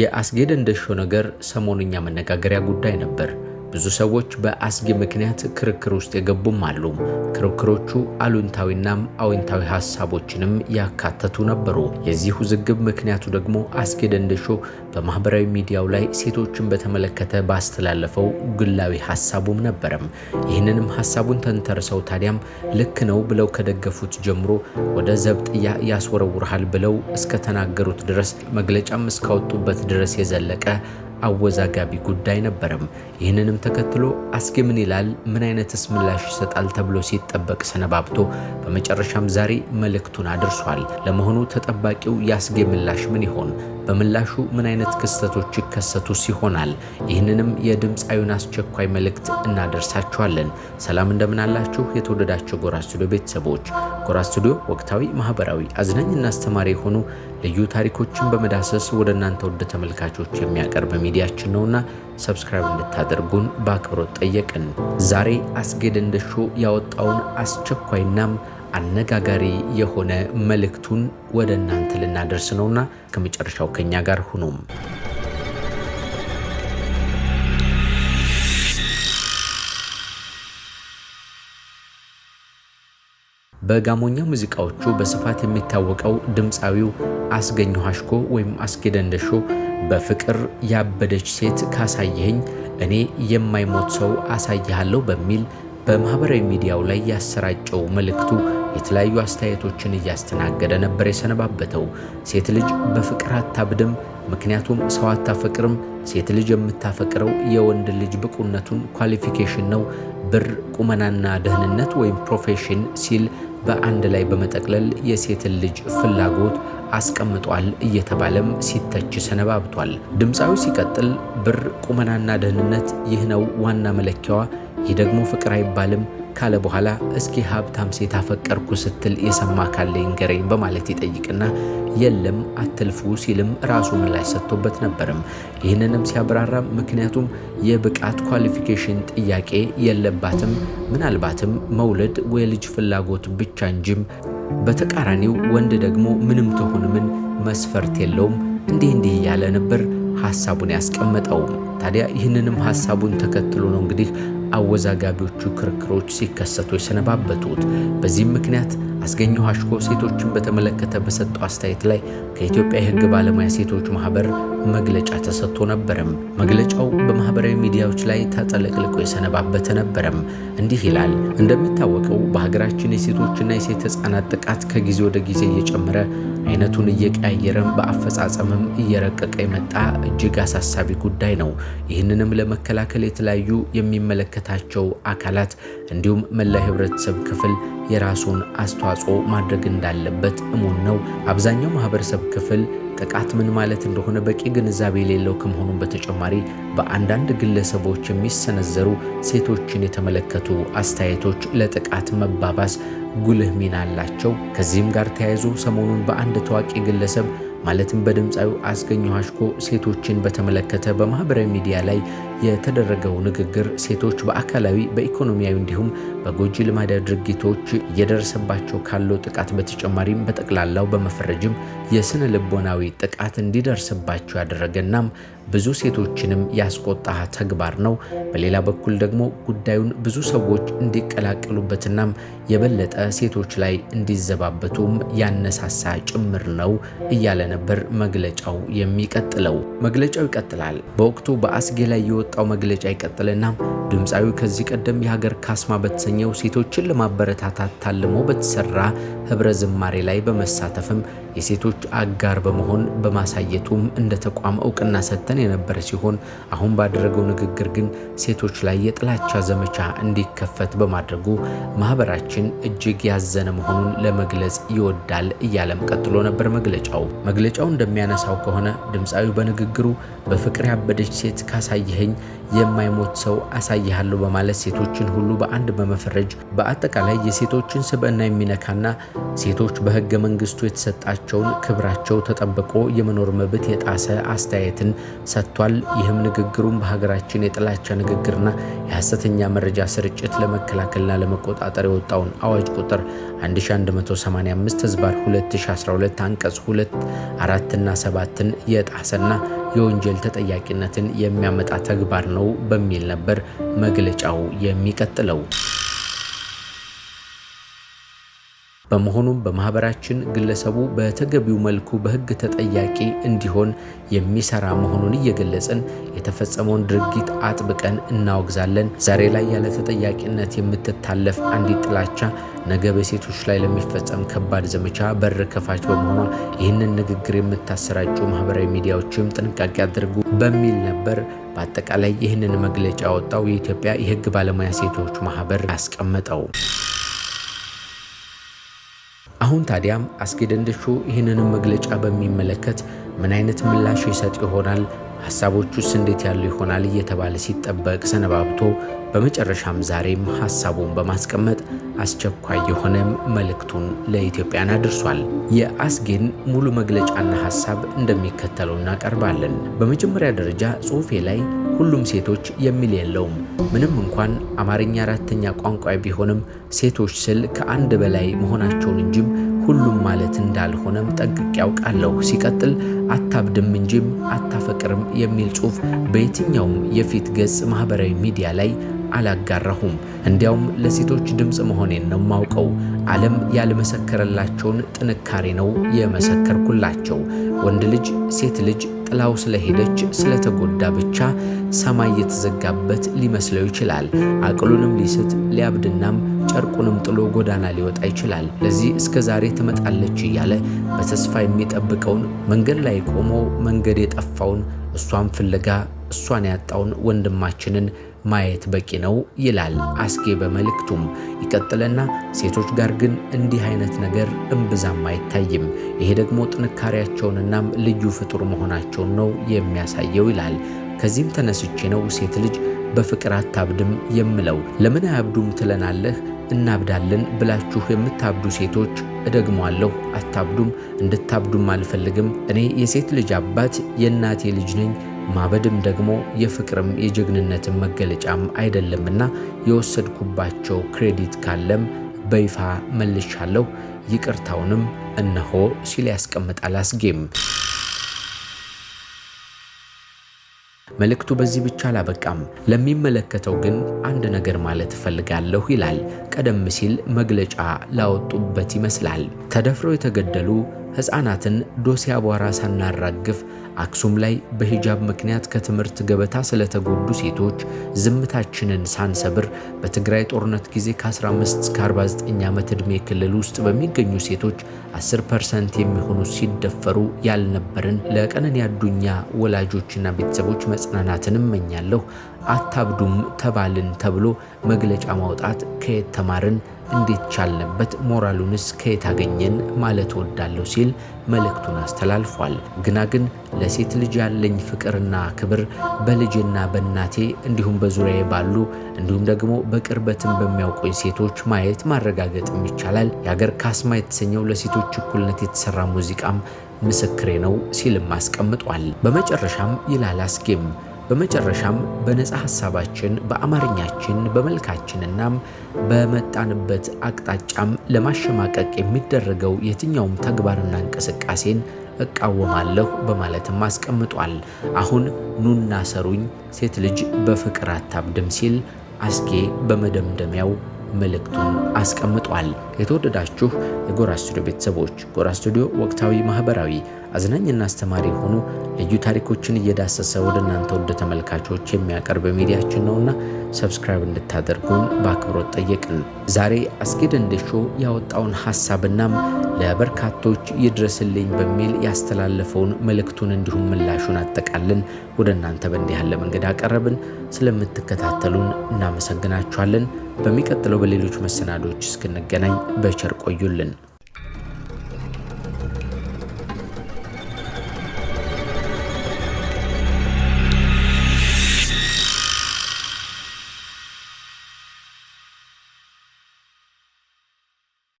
የአስጌ ደንደሾ ነገር ሰሞንኛ መነጋገሪያ ጉዳይ ነበር። ብዙ ሰዎች በአስጊ ምክንያት ክርክር ውስጥ የገቡም አሉ። ክርክሮቹ አሉንታዊናም አዎንታዊ ሀሳቦችንም ያካተቱ ነበሩ። የዚህ ውዝግብ ምክንያቱ ደግሞ አስጌ ደንደሾ በማህበራዊ ሚዲያው ላይ ሴቶችን በተመለከተ ባስተላለፈው ግላዊ ሀሳቡም ነበረም። ይህንንም ሀሳቡን ተንተርሰው ታዲያም ልክ ነው ብለው ከደገፉት ጀምሮ ወደ ዘብጥያ ያስወረውርሃል ብለው እስከተናገሩት ድረስ መግለጫም እስካወጡበት ድረስ የዘለቀ አወዛጋቢ ጉዳይ ነበረም። ይህንንም ተከትሎ አስጌ ምን ይላል፣ ምን አይነትስ ምላሽ ይሰጣል ተብሎ ሲጠበቅ ሰነባብቶ በመጨረሻም ዛሬ መልእክቱን አድርሷል። ለመሆኑ ተጠባቂው የአስጌ ምላሽ ምን ይሆን? በምላሹ ምን አይነት ክስተቶች ይከሰቱ ይሆናል? ይህንንም የድምፃዊውን አስቸኳይ መልእክት እናደርሳችኋለን። ሰላም እንደምናላችሁ የተወደዳቸው ጎራ ስቱዲዮ ቤተሰቦች። ጎራ ስቱዲዮ ወቅታዊ፣ ማህበራዊ፣ አዝናኝና አስተማሪ የሆኑ ልዩ ታሪኮችን በመዳሰስ ወደ እናንተ ውድ ተመልካቾች የሚያቀርብ ሚዲያችን ነውና ሰብስክራይብ እንድታደርጉን በአክብሮት ጠየቅን። ዛሬ አስጌ ደንደሾ ያወጣውን አስቸኳይናም አነጋጋሪ የሆነ መልእክቱን ወደ እናንተ ልናደርስ ነውና ከመጨረሻው ከኛ ጋር ሁኑም። በጋሞኛ ሙዚቃዎቹ በስፋት የሚታወቀው ድምፃዊው አስገኘ ሐሽኮ ወይም አስጌደንደሾ በፍቅር ያበደች ሴት ካሳየኸኝ እኔ የማይሞት ሰው አሳይሃለሁ በሚል በማህበራዊ ሚዲያው ላይ ያሰራጨው መልእክቱ የተለያዩ አስተያየቶችን እያስተናገደ ነበር የሰነባበተው። ሴት ልጅ በፍቅር አታብድም፣ ምክንያቱም ሰው አታፈቅርም። ሴት ልጅ የምታፈቅረው የወንድ ልጅ ብቁነቱን ኳሊፊኬሽን ነው፣ ብር፣ ቁመናና ደህንነት ወይም ፕሮፌሽን ሲል በአንድ ላይ በመጠቅለል የሴትን ልጅ ፍላጎት አስቀምጧል እየተባለም ሲተች ሰነባብቷል። ድምፃዊ ሲቀጥል ብር፣ ቁመናና ደህንነት ይህ ነው ዋና መለኪያዋ፣ ይህ ደግሞ ፍቅር አይባልም ካለ በኋላ እስኪ ሀብታም ሴት አፈቀርኩ ስትል የሰማ ካለ ይንገረኝ በማለት ይጠይቅና የለም አትልፉ ሲልም ራሱ ምላሽ ሰጥቶበት ነበርም። ይህንንም ሲያብራራ ምክንያቱም የብቃት ኳሊፊኬሽን ጥያቄ የለባትም፣ ምናልባትም መውለድ ልጅ ፍላጎት ብቻ እንጂም በተቃራኒው ወንድ ደግሞ ምንም ትሁን ምን መስፈርት የለውም። እንዲህ እንዲህ እያለ ነበር ሀሳቡን ያስቀመጠው። ታዲያ ይህንንም ሀሳቡን ተከትሎ ነው እንግዲህ አወዛጋቢዎቹ ክርክሮች ሲከሰቱ የሰነባበቱት። በዚህም ምክንያት አስገኘ አሽኮ ሴቶችን በተመለከተ በሰጠው አስተያየት ላይ ከኢትዮጵያ የሕግ ባለሙያ ሴቶች ማህበር መግለጫ ተሰጥቶ ነበረም። መግለጫው በማህበራዊ ሚዲያዎች ላይ ተጠለቅልቆ የሰነባበተ ነበረም። እንዲህ ይላል። እንደሚታወቀው በሀገራችን የሴቶችና የሴት ህጻናት ጥቃት ከጊዜ ወደ ጊዜ እየጨመረ አይነቱን እየቀያየረም በአፈጻጸምም እየረቀቀ የመጣ እጅግ አሳሳቢ ጉዳይ ነው። ይህንንም ለመከላከል የተለያዩ የሚመለከታቸው አካላት እንዲሁም መላ ህብረተሰብ ክፍል የራሱን አስተዋጽኦ ማድረግ እንዳለበት እሙን ነው። አብዛኛው ማህበረሰብ ክፍል ጥቃት ምን ማለት እንደሆነ በቂ ግንዛቤ የሌለው ከመሆኑም በተጨማሪ በአንዳንድ ግለሰቦች የሚሰነዘሩ ሴቶችን የተመለከቱ አስተያየቶች ለጥቃት መባባስ ጉልህ ሚና አላቸው። ከዚህም ጋር ተያይዞ ሰሞኑን በአንድ ታዋቂ ግለሰብ ማለትም በድምፃዊ አስገኘው አሽኮ ሴቶችን በተመለከተ በማህበራዊ ሚዲያ ላይ የተደረገው ንግግር ሴቶች በአካላዊ በኢኮኖሚያዊ እንዲሁም በጎጂ ልማዳዊ ድርጊቶች እየደረሰባቸው ካለው ጥቃት በተጨማሪም በጠቅላላው በመፈረጅም የስነ ልቦናዊ ጥቃት እንዲደርስባቸው ያደረገናም ብዙ ሴቶችንም ያስቆጣ ተግባር ነው። በሌላ በኩል ደግሞ ጉዳዩን ብዙ ሰዎች እንዲቀላቀሉበትናም የበለጠ ሴቶች ላይ እንዲዘባበቱም ያነሳሳ ጭምር ነው እያለ ነበር መግለጫው የሚቀጥለው። መግለጫው ይቀጥላል። በወቅቱ በአስጌ ላይ የወጣው መግለጫ ይቀጥልና ድምፃዊ ከዚህ ቀደም የሀገር ካስማ በተሰኘው ሴቶችን ለማበረታታት ታልሞ በተሰራ ህብረ ዝማሬ ላይ በመሳተፍም የሴቶች አጋር በመሆን በማሳየቱም እንደ ተቋም እውቅና ሰጥተን የነበረ ሲሆን አሁን ባደረገው ንግግር ግን ሴቶች ላይ የጥላቻ ዘመቻ እንዲከፈት በማድረጉ ማህበራችን እጅግ ያዘነ መሆኑን ለመግለጽ ይወዳል እያለም ቀጥሎ ነበር መግለጫው። መግለጫው እንደሚያነሳው ከሆነ ድምፃዊ በንግግሩ በፍቅር ያበደች ሴት ካሳየኸኝ የማይሞት ሰው አሳይሃለሁ በማለት ሴቶችን ሁሉ በአንድ በመፈረጅ በአጠቃላይ የሴቶችን ስብዕና የሚነካና ሴቶች በህገ መንግስቱ የተሰጣቸው መብታቸውን ክብራቸው ተጠብቆ የመኖር መብት የጣሰ አስተያየትን ሰጥቷል። ይህም ንግግሩን በሀገራችን የጥላቻ ንግግርና የሐሰተኛ መረጃ ስርጭት ለመከላከልና ለመቆጣጠር የወጣውን አዋጅ ቁጥር 1185 ህዝባር 2012 አንቀጽ 2 አራትና ሰባትን የጣሰና የወንጀል ተጠያቂነትን የሚያመጣ ተግባር ነው በሚል ነበር መግለጫው የሚቀጥለው። በመሆኑም በማህበራችን ግለሰቡ በተገቢው መልኩ በህግ ተጠያቂ እንዲሆን የሚሰራ መሆኑን እየገለጽን የተፈጸመውን ድርጊት አጥብቀን እናወግዛለን። ዛሬ ላይ ያለ ተጠያቂነት የምትታለፍ አንዲት ጥላቻ ነገ በሴቶች ላይ ለሚፈጸም ከባድ ዘመቻ በር ከፋች በመሆኗ ይህንን ንግግር የምታሰራጩ ማህበራዊ ሚዲያዎችም ጥንቃቄ አድርጉ በሚል ነበር በአጠቃላይ ይህንን መግለጫ ያወጣው የኢትዮጵያ የህግ ባለሙያ ሴቶች ማህበር አስቀመጠው። አሁን ታዲያም አስጌ ደንደሾ ይህንንም መግለጫ በሚመለከት ምን አይነት ምላሽ ይሰጥ ይሆናል? ሀሳቦቹስ እንዴት ያሉ ይሆናል? እየተባለ ሲጠበቅ ሰነባብቶ በመጨረሻም ዛሬም ሀሳቡን በማስቀመጥ አስቸኳይ የሆነ መልእክቱን ለኢትዮጵያን አድርሷል። የአስጌን ሙሉ መግለጫና ሀሳብ እንደሚከተለው እናቀርባለን። በመጀመሪያ ደረጃ ጽሑፌ ላይ ሁሉም ሴቶች የሚል የለውም። ምንም እንኳን አማርኛ አራተኛ ቋንቋ ቢሆንም ሴቶች ስል ከአንድ በላይ መሆናቸውን እንጂም ሁሉም ማለት እንዳልሆነም ጠንቅቄ ያውቃለሁ። ሲቀጥል አታብድም እንጂም አታፈቅርም የሚል ጽሑፍ በየትኛውም የፊት ገጽ ማህበራዊ ሚዲያ ላይ አላጋራሁም። እንዲያውም ለሴቶች ድምፅ መሆኔን ነው ማውቀው። ዓለም ያልመሰከረላቸውን ጥንካሬ ነው የመሰከርኩላቸው። ወንድ ልጅ ሴት ልጅ ጥላው ስለሄደች ስለተጎዳ ብቻ ሰማይ የተዘጋበት ሊመስለው ይችላል። አቅሉንም ሊስት ሊያብድናም ጨርቁንም ጥሎ ጎዳና ሊወጣ ይችላል። ለዚህ እስከ ዛሬ ትመጣለች እያለ በተስፋ የሚጠብቀውን መንገድ ላይ ቆሞ መንገድ የጠፋውን እሷን ፍለጋ እሷን ያጣውን ወንድማችንን ማየት በቂ ነው ይላል አስጌ በመልእክቱም ይቀጥልና ሴቶች ጋር ግን እንዲህ አይነት ነገር እምብዛም አይታይም። ይሄ ደግሞ ጥንካሬያቸውንናም ልዩ ፍጡር መሆናቸውን ነው የሚያሳየው ይላል ከዚህም ተነስቼ ነው ሴት ልጅ በፍቅር አታብድም የምለው። ለምን አያብዱም ትለናለህ? እናብዳለን ብላችሁ የምታብዱ ሴቶች እደግመዋለሁ፣ አታብዱም፣ እንድታብዱም አልፈልግም። እኔ የሴት ልጅ አባት የእናቴ ልጅ ነኝ። ማበድም ደግሞ የፍቅርም የጀግንነትም መገለጫም አይደለምና የወሰድኩባቸው ክሬዲት ካለም በይፋ መልሻለሁ፣ ይቅርታውንም እነሆ ሲል ያስቀምጣል አስጌም። መልእክቱ በዚህ ብቻ አላበቃም። ለሚመለከተው ግን አንድ ነገር ማለት እፈልጋለሁ ይላል። ቀደም ሲል መግለጫ ላወጡበት ይመስላል። ተደፍረው የተገደሉ ሕፃናትን ዶሴ አቧራ ሳናራግፍ አክሱም ላይ በሂጃብ ምክንያት ከትምህርት ገበታ ስለተጎዱ ሴቶች ዝምታችንን ሳንሰብር በትግራይ ጦርነት ጊዜ ከ15 እስከ 49 ዓመት ዕድሜ ክልል ውስጥ በሚገኙ ሴቶች 10 ፐርሰንት የሚሆኑ ሲደፈሩ ያልነበርን ለቀነኒ አዱኛ ወላጆችና ቤተሰቦች መጽናናትን እመኛለሁ። አታብዱም ተባልን ተብሎ መግለጫ ማውጣት ከየት ተማርን? እንዴት ቻልንበት? ሞራሉንስ ከየት አገኘን? ማለት ወዳለሁ ሲል መልእክቱን አስተላልፏል። ግና ግን ለሴት ልጅ ያለኝ ፍቅርና ክብር በልጅና በእናቴ እንዲሁም በዙሪያዬ ባሉ እንዲሁም ደግሞ በቅርበትም በሚያውቁኝ ሴቶች ማየት ማረጋገጥም ይቻላል። የሀገር ካስማ የተሰኘው ለሴቶች እኩልነት የተሰራ ሙዚቃም ምስክሬ ነው ሲልም አስቀምጧል። በመጨረሻም ይላል አስጌም በመጨረሻም በነፃ ሐሳባችን በአማርኛችን በመልካችንና በመጣንበት አቅጣጫም ለማሸማቀቅ የሚደረገው የትኛውም ተግባርና እንቅስቃሴን እቃወማለሁ በማለትም አስቀምጧል። አሁን ኑና ሰሩኝ ሴት ልጅ በፍቅር አታብድም ሲል አስጌ በመደምደሚያው መልእክቱን አስቀምጧል። የተወደዳችሁ የጎራ ስቱዲዮ ቤተሰቦች ጎራ ስቱዲዮ ወቅታዊ፣ ማህበራዊ አዝናኝና አስተማሪ የሆኑ ልዩ ታሪኮችን እየዳሰሰ ወደ እናንተ ወደ ተመልካቾች የሚያቀርብ ሚዲያችን ነውና ሰብስክራይብ እንድታደርጉን በአክብሮት ጠየቅን። ዛሬ አስጌ ደንደሾ ያወጣውን ሀሳብናም ለበርካቶች ይድረስልኝ በሚል ያስተላለፈውን መልእክቱን እንዲሁም ምላሹን አጠቃልን ወደ እናንተ በእንዲህ ያለ መንገድ አቀረብን። ስለምትከታተሉን እናመሰግናችኋለን። በሚቀጥለው በሌሎች መሰናዶች እስክንገናኝ በቸር ቆዩልን።